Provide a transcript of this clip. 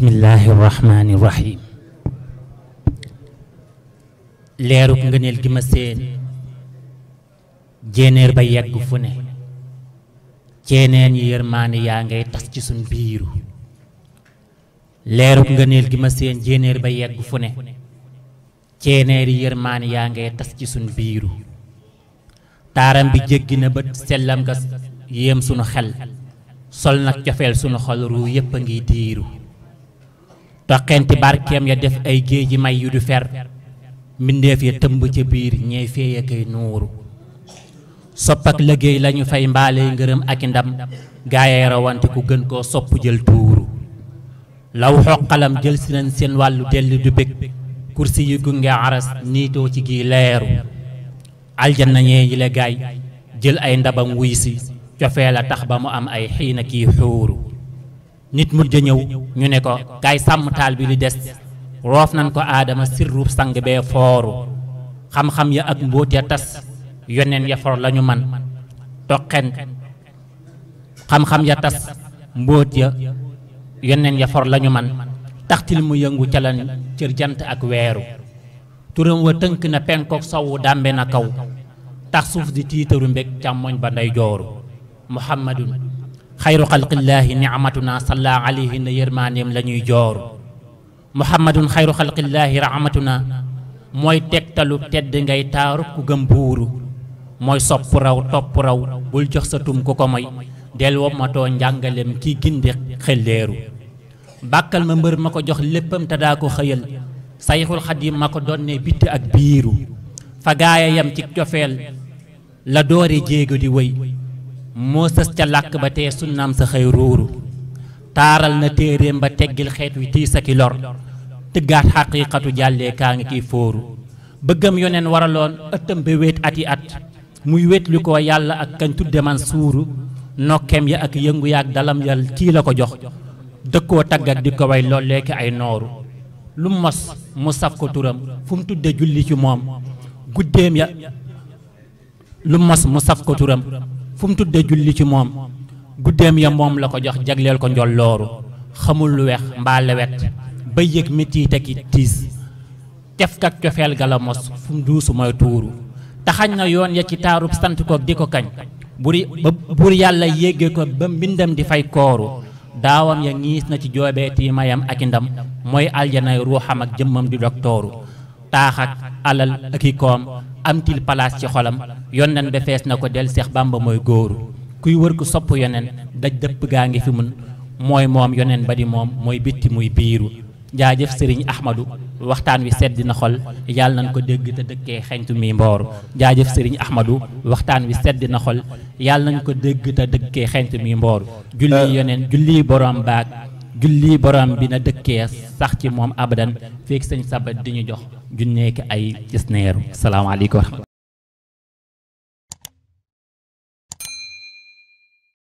bismillahi rahmaani rahim leerug ngëneel gi ma seen jéenéer ba yegg fu ne ceeneen yi yërmaane yaa ngay tas ci suñ biiru leerug ngëneel gi ma seen jéenéer ba yegg fu ne ceeneer yi yaa ngay tas ci suñ biiru taaram bi jéggi na bët sellam nga yéem sunu xel sol nag cofeel sunu xol ruu yépp a ngiy diiru toqenti barkeem ya def ay géeji may yu du fer mbindeef ya tëmb ca biir ñey feey ak ay nuuru sopp ak liggéey lañu fay mbaale ngërëm ak i ndam gaayay rawante ku gën koo sopp jël tuuru law xoqalam jël si nañ seen wàllu delli du bég kursi yu gunge aras niitoo ci gi leeru aljanna ñee gaay jël ay ndabam wuy si cofee tax ba mu am ay xiina kii xuuru nit mujj ñëw ñu ne ko kaay sàmm taal bi li des roof nañ ko aadama sirru sang bee fooru xam-xam ya ak mbóot ya tas yoneen ya for lañu man toqen xam-xam ya tas mbóot ya yoneen ya for lañu man taxtil mu yëngu ca cër jant ak weeru turam wa tënk na penkook sowu dàmbe na kaw tax suuf di tiitaru mbég càmmoñ ba ndey jooru muhammadun xayru xalqillaahi niamatuna salla alayhi na yërmaaneem la ñuy joor muhammadun xayru xalqillaahi rahmatuna mooy tegtalu tedd ngay taaru ku gëm buuru mooy sopp raw topp raw bul jox sa tum ku ko moy del wommatoo njàngalem kii gindi xelleeru bàkkal ma mbër ma ko jox léppam te daa ko xëyal sayxul xadim ma ko doon bitt ak biiru fa gaaya yam ci cofeel la doore jéego di wéy moo sës ca làkk ba tee sunnaam sa xëy ruuru taaral na téeréem ba teggil xeet wi tiis ak i lor tëggaat xaqiiqatu jàllee kaa ngi kiy fóoru bëggam yoneen waraloon ëttam ba wéet ati at muy wéet ko yàlla ak kañ tudde man suuru nokkeem ya ak yëngu yaak dalam yal kii la ko jox dëkkoo tagg ak di ko way lolleeki ay nooru lu mos mu saf ko turam fu mu tudde julli ci moom guddeem ya lu mos mu saf ko turam fu mu tuddee julli ci moom guddeem ya moom la ko jox jagleel ko njol looru xamul lu wex mbaa lewet ba yëg métiit ak tiis tef kak cofeel ga la mos fu mu duusu mooy tuuru taxañ na yoon ya ci taarub sant koog di ko kañ buri ba bur yàlla yégge ko ba mbindam di fay kooru daawam ya ngiis na ci joobee tiimayam ak i ndam mooy aljanay ruuxam ak jëmmam di doktooru taax ak alal ak i koom amtil place ci xolam yonen ba fees na ko del Seex Bàmba mooy góoru kuy wër ku sopp yonen daj dëpp gaa ngi fi mun mooy moom yonen ba di moom mooy bitti muy biiru jaajëf sëriñ Ahmadu waxtaan wi sedd na xol yàlla nañ ko dégg te dëkkee xentu mi mbooru jaajëf sëriñ Ahmadu waxtaan wi sedd na xol yàlla nañ ko dégg te dëkkee xentu mi mbooru julli euh, yoneen julli borom baag julli borom bi na dëkkee sax ci moom abadan fekk sëñ sabat di ñu jox junneeki ay gis neeru salaamaaleykum